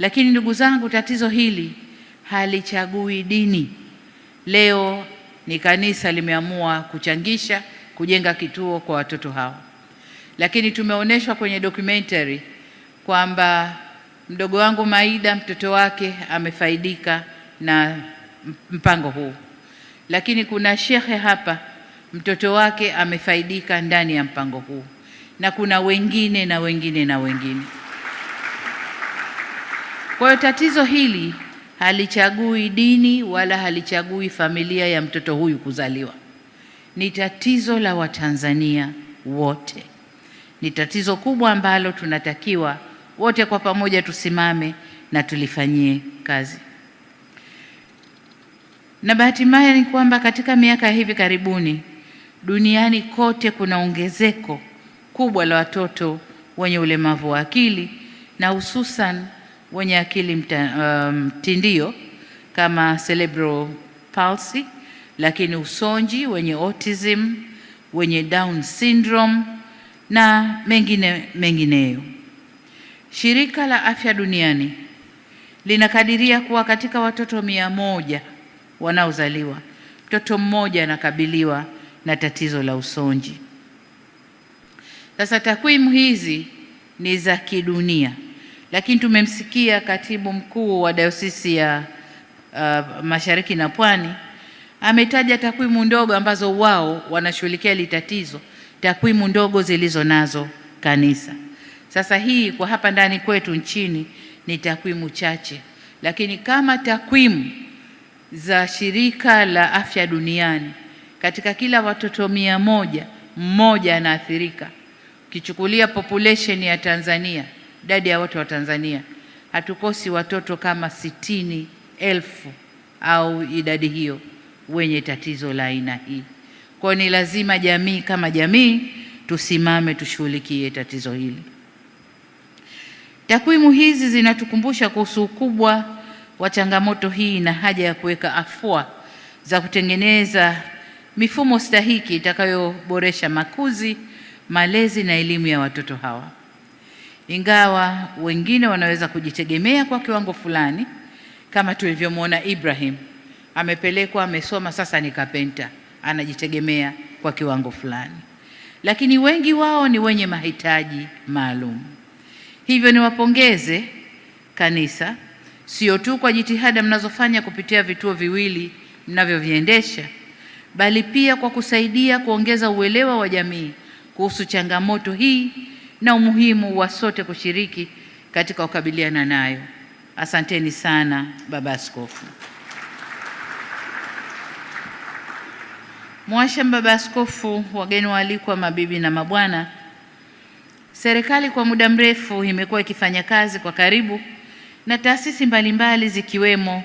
Lakini ndugu zangu, tatizo hili halichagui dini. Leo ni kanisa limeamua kuchangisha kujenga kituo kwa watoto hao, lakini tumeonyeshwa kwenye documentary kwamba mdogo wangu Maida mtoto wake amefaidika na mpango huu, lakini kuna shekhe hapa mtoto wake amefaidika ndani ya mpango huu, na kuna wengine na wengine na wengine. Kwa hiyo tatizo hili halichagui dini wala halichagui familia ya mtoto huyu kuzaliwa, ni tatizo la Watanzania wote, ni tatizo kubwa ambalo tunatakiwa wote kwa pamoja tusimame na tulifanyie kazi. Na bahati mbaya ni kwamba katika miaka ya hivi karibuni duniani kote kuna ongezeko kubwa la watoto wenye ulemavu wa akili na hususan wenye akili mtindio um, kama cerebral palsy, lakini usonji, wenye autism, wenye Down syndrome na mengine mengineyo. Shirika la Afya Duniani linakadiria kuwa katika watoto mia moja wanaozaliwa, mtoto mmoja anakabiliwa na tatizo la usonji. Sasa takwimu hizi ni za kidunia. Lakini tumemsikia katibu mkuu wa dayosisi ya uh, Mashariki na Pwani ametaja takwimu ndogo ambazo wao wanashughulikia hili tatizo, takwimu ndogo zilizo nazo kanisa. Sasa hii kwa hapa ndani kwetu nchini ni takwimu chache, lakini kama takwimu za shirika la afya duniani, katika kila watoto mia moja mmoja anaathirika, ukichukulia population ya Tanzania idadi ya wote wa Tanzania, hatukosi watoto kama sitini elfu au idadi hiyo wenye tatizo la aina hii. Kwa ni lazima jamii kama jamii tusimame tushughulikie tatizo hili. Takwimu hizi zinatukumbusha kuhusu ukubwa wa changamoto hii na haja ya kuweka afua za kutengeneza mifumo stahiki itakayoboresha makuzi, malezi na elimu ya watoto hawa ingawa wengine wanaweza kujitegemea kwa kiwango fulani, kama tulivyomwona Ibrahim amepelekwa, amesoma, sasa ni kapenta, anajitegemea kwa kiwango fulani, lakini wengi wao ni wenye mahitaji maalum. Hivyo niwapongeze kanisa, sio tu kwa jitihada mnazofanya kupitia vituo viwili mnavyoviendesha, bali pia kwa kusaidia kuongeza uelewa wa jamii kuhusu changamoto hii na umuhimu wa sote kushiriki katika kukabiliana nayo. Asanteni sana Baba Askofu. Mwasham Baba Askofu, wageni waalikwa, mabibi na mabwana, serikali kwa muda mrefu imekuwa ikifanya kazi kwa karibu na taasisi mbalimbali zikiwemo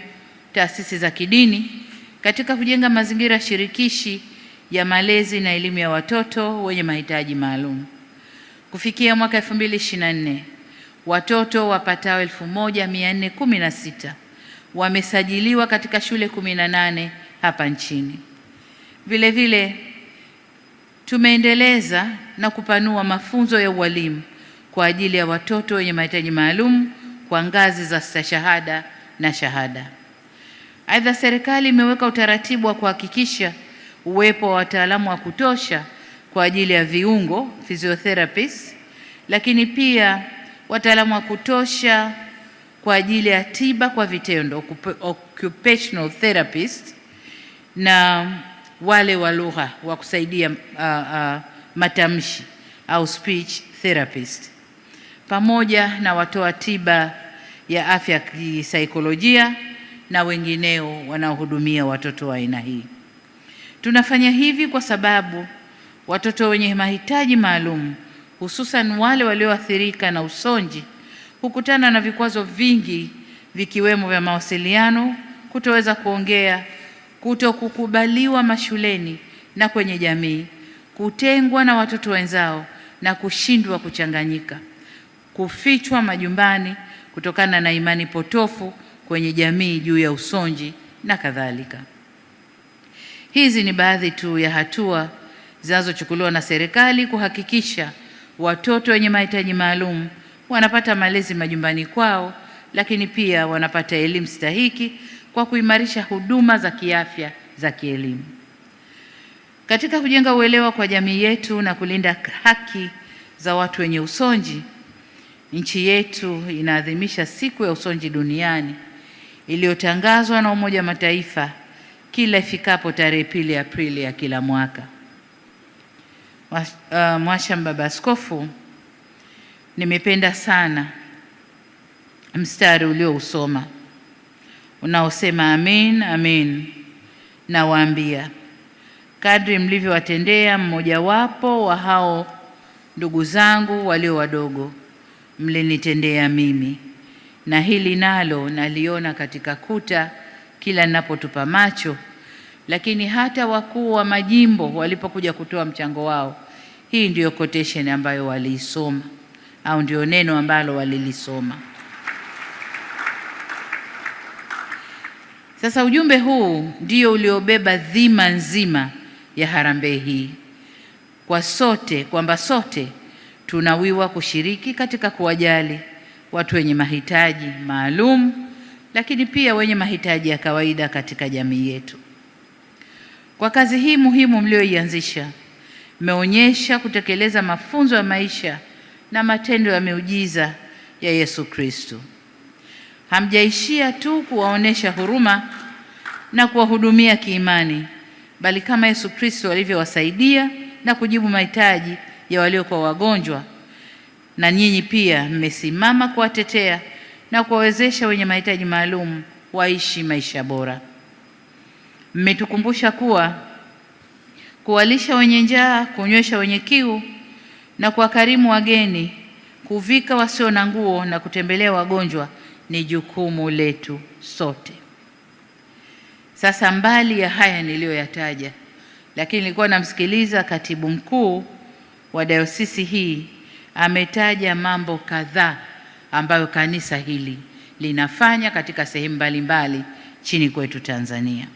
taasisi za kidini katika kujenga mazingira shirikishi ya malezi na elimu ya watoto wenye mahitaji maalum. Kufikia mwaka 2024 watoto wapatao 1416 wamesajiliwa katika shule 18 hapa nchini. Vile vile tumeendeleza na kupanua mafunzo ya ualimu kwa ajili ya watoto wenye mahitaji maalum kwa ngazi za stashahada na shahada. Aidha, serikali imeweka utaratibu wa kuhakikisha uwepo wa wataalamu wa kutosha kwa ajili ya viungo physiotherapists, lakini pia wataalamu wa kutosha kwa ajili ya tiba kwa vitendo occupational therapists, na wale wa lugha wa kusaidia uh, uh, matamshi au speech therapist, pamoja na watoa tiba ya afya kisaikolojia na wengineo wanaohudumia watoto wa aina hii. Tunafanya hivi kwa sababu Watoto wenye mahitaji maalum, hususan wale walioathirika na usonji, hukutana na vikwazo vingi vikiwemo vya mawasiliano, kutoweza kuongea, kutokukubaliwa mashuleni na kwenye jamii, kutengwa na watoto wenzao na kushindwa kuchanganyika, kufichwa majumbani kutokana na imani potofu kwenye jamii juu ya usonji na kadhalika. Hizi ni baadhi tu ya hatua zinazochukuliwa na serikali kuhakikisha watoto wenye mahitaji maalum wanapata malezi majumbani kwao, lakini pia wanapata elimu stahiki kwa kuimarisha huduma za kiafya za kielimu. Katika kujenga uelewa kwa jamii yetu na kulinda haki za watu wenye usonji, nchi yetu inaadhimisha siku ya usonji duniani iliyotangazwa na Umoja wa Mataifa kila ifikapo tarehe pili Aprili ya kila mwaka. Uh, Mwasha Baba Askofu, nimependa sana mstari uliousoma unaosema amin amin, nawaambia kadri mlivyowatendea mmojawapo wa hao ndugu zangu walio wadogo, mlinitendea mimi. Na hili nalo naliona katika kuta kila ninapotupa macho lakini hata wakuu wa majimbo walipokuja kutoa mchango wao, hii ndiyo quotation ambayo waliisoma au ndio neno ambalo walilisoma. Sasa ujumbe huu ndio uliobeba dhima nzima ya harambee hii kwa sote, kwamba sote tunawiwa kushiriki katika kuwajali watu wenye mahitaji maalum, lakini pia wenye mahitaji ya kawaida katika jamii yetu. Kwa kazi hii muhimu mlioianzisha, mmeonyesha kutekeleza mafunzo ya maisha na matendo ya miujiza ya Yesu Kristo. Hamjaishia tu kuwaonesha huruma na kuwahudumia kiimani, bali kama Yesu Kristo alivyowasaidia na kujibu mahitaji ya waliokuwa wagonjwa, na nyinyi pia mmesimama kuwatetea na kuwawezesha wenye mahitaji maalum waishi maisha bora mmetukumbusha kuwa kuwalisha wenye njaa, kunywesha wenye kiu na kuwakarimu wageni, kuvika wasio na nguo na kutembelea wagonjwa ni jukumu letu sote. Sasa, mbali ya haya niliyoyataja, lakini nilikuwa namsikiliza katibu mkuu wa dayosisi hii, ametaja mambo kadhaa ambayo kanisa hili linafanya katika sehemu mbalimbali chini kwetu Tanzania.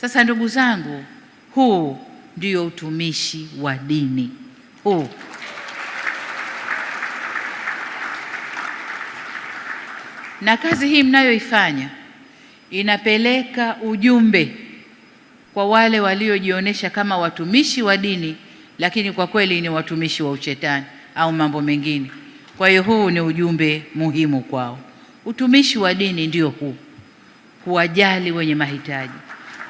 Sasa ndugu zangu, huu ndio utumishi wa dini huu. Na kazi hii mnayoifanya inapeleka ujumbe kwa wale waliojionyesha kama watumishi wa dini, lakini kwa kweli ni watumishi wa ushetani au mambo mengine. Kwa hiyo huu ni ujumbe muhimu kwao. Utumishi wa dini ndio huu, kuwajali wenye mahitaji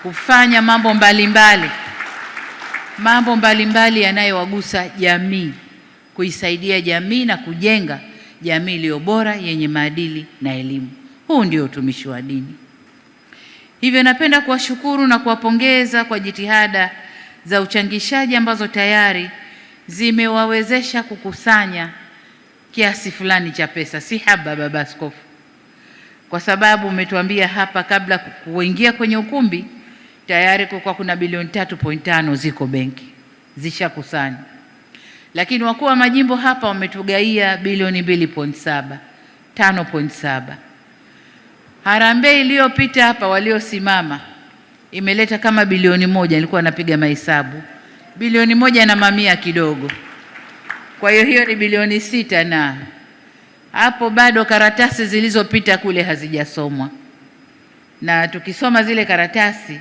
kufanya mambo mbalimbali mbali, mambo mbalimbali yanayowagusa jamii, kuisaidia jamii na kujenga jamii iliyo bora yenye maadili na elimu. Huu ndio utumishi wa dini. Hivyo napenda kuwashukuru na kuwapongeza kwa jitihada za uchangishaji ambazo tayari zimewawezesha kukusanya kiasi fulani cha pesa. Si haba, Baba Askofu, kwa sababu umetuambia hapa kabla kuingia kwenye ukumbi tayari kulikuwa kuna bilioni 3.5 ziko benki zishakusanywa, lakini wakuu wa majimbo hapa wametugaia bilioni 2.7 5.7. Harambee iliyopita hapa waliosimama imeleta kama bilioni moja, nilikuwa napiga mahesabu, bilioni moja na mamia kidogo. Kwa hiyo hiyo ni bilioni sita, na hapo bado karatasi zilizopita kule hazijasomwa, na tukisoma zile karatasi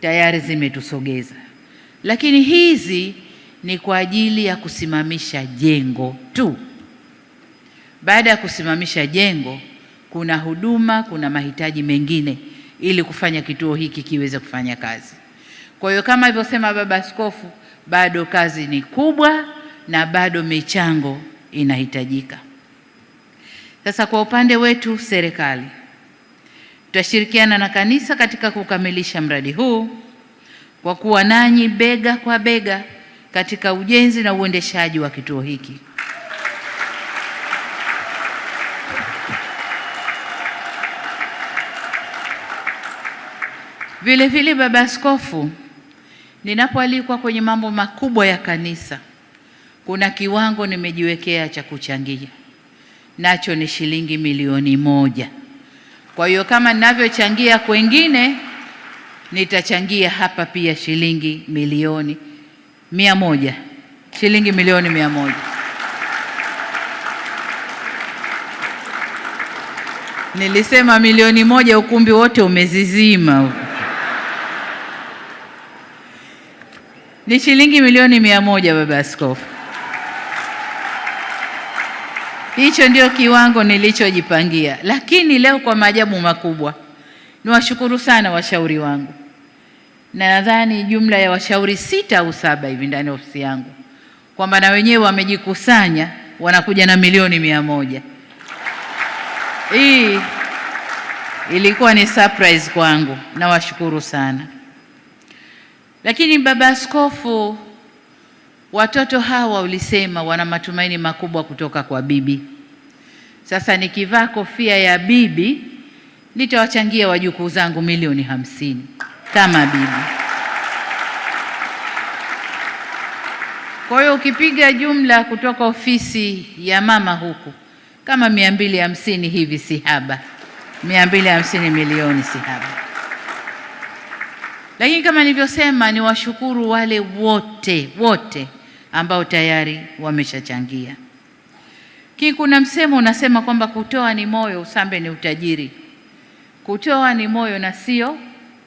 tayari zimetusogeza, lakini hizi ni kwa ajili ya kusimamisha jengo tu. Baada ya kusimamisha jengo, kuna huduma, kuna mahitaji mengine ili kufanya kituo hiki kiweze kufanya kazi. Kwa hiyo kama alivyosema Baba Askofu, bado kazi ni kubwa na bado michango inahitajika. Sasa kwa upande wetu serikali Tutashirikiana na kanisa katika kukamilisha mradi huu kwa kuwa nanyi bega kwa bega katika ujenzi na uendeshaji wa kituo hiki. Vile vile, Baba Askofu, ninapoalikwa kwenye mambo makubwa ya kanisa, kuna kiwango nimejiwekea cha kuchangia nacho, ni shilingi milioni moja. Kwa hiyo kama ninavyochangia kwengine, nitachangia hapa pia shilingi milioni mia moja, shilingi milioni mia moja. Nilisema milioni moja, ukumbi wote umezizima. Ni shilingi milioni mia moja, Baba Askofu. Hicho ndio kiwango nilichojipangia, lakini leo kwa maajabu makubwa niwashukuru sana washauri wangu, na nadhani jumla ya washauri sita au saba hivi ndani ya ofisi yangu, kwamba na wenyewe wamejikusanya wanakuja na milioni mia moja. Hii ilikuwa ni surprise kwangu, nawashukuru sana. Lakini baba askofu Watoto hawa ulisema wana matumaini makubwa kutoka kwa bibi. Sasa nikivaa kofia ya bibi nitawachangia wajukuu zangu milioni hamsini kama bibi. Kwa hiyo ukipiga jumla kutoka ofisi ya mama huku kama mia mbili hamsini hivi, si haba. Mia mbili hamsini milioni si haba. Lakini kama nilivyosema, niwashukuru wale wote wote ambao tayari wameshachangia. kini kuna msemo unasema kwamba kutoa ni moyo, usambe ni utajiri. Kutoa ni moyo na sio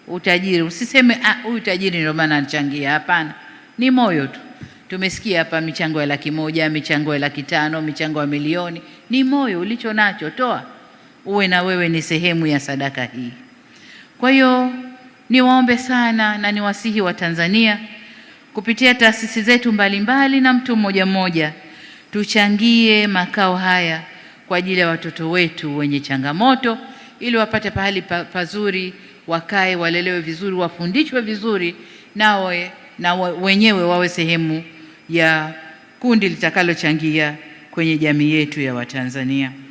utajiri. Usiseme ah, huyu tajiri ndio maana anachangia. Hapana, ni moyo tu. Tumesikia hapa michango ya laki moja, michango ya laki tano, michango ya milioni. Ni moyo ulicho nacho, toa uwe na wewe ni sehemu ya sadaka hii. Kwa hiyo niwaombe sana na niwasihi Watanzania kupitia taasisi zetu mbalimbali na mtu mmoja mmoja, tuchangie makao haya kwa ajili ya watoto wetu wenye changamoto, ili wapate pahali pazuri, wakae, walelewe vizuri, wafundishwe vizuri, nawe na wenyewe wawe sehemu ya kundi litakalochangia kwenye jamii yetu ya Watanzania.